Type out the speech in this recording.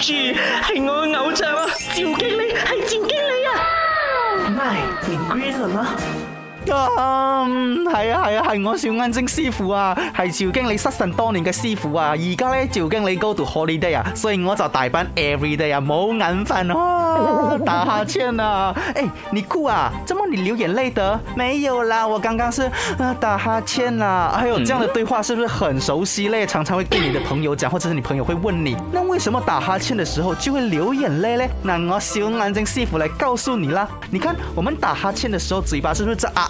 係我嘅偶像啊，趙經理係趙經理啊，My Green 啦啊，係啊，係啊，係我小眼睛師傅啊，係趙經理失散多年嘅師傅啊，而家咧趙經理 go to holiday 啊，所以我就帶班 every day 啊，冇眼瞓啊，打哈欠啊，哎，你哭啊，怎麼你流眼淚的？沒有啦，我剛剛是啊打哈欠啦，還有，這樣的對話是不是很熟悉咧？常常會跟你的朋友講，或者是你朋友會問你，那為什麼打哈欠的時候就會流眼淚咧？那我小眼睛師傅來告訴你啦，你看我們打哈欠的時候嘴巴是不是在啊？